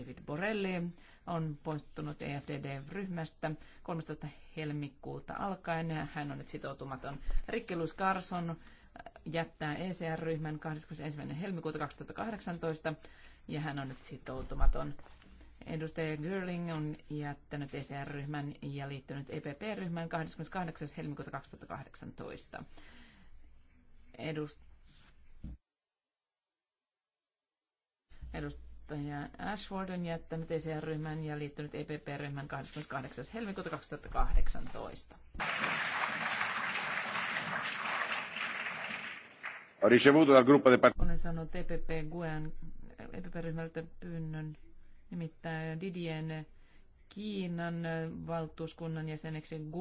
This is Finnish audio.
David Borrelli on poistunut EFDD-ryhmästä 13. helmikuuta alkaen. Hän on nyt sitoutumaton. Rikki Luz Carson äh, jättää ECR-ryhmän 21. helmikuuta 2018 ja hän on nyt sitoutumaton. Edustaja Gerling on jättänyt ECR-ryhmän ja liittynyt EPP-ryhmään 28. helmikuuta 2018. Edust- Edust- puheenjohtaja Ashfordin jättänyt ECR-ryhmän ja liittynyt EPP-ryhmän 28. helmikuuta 2018. Olen saanut EPP Guen EPP-ryhmältä pyynnön nimittäin Didien Kiinan valtuuskunnan jäseneksi Guen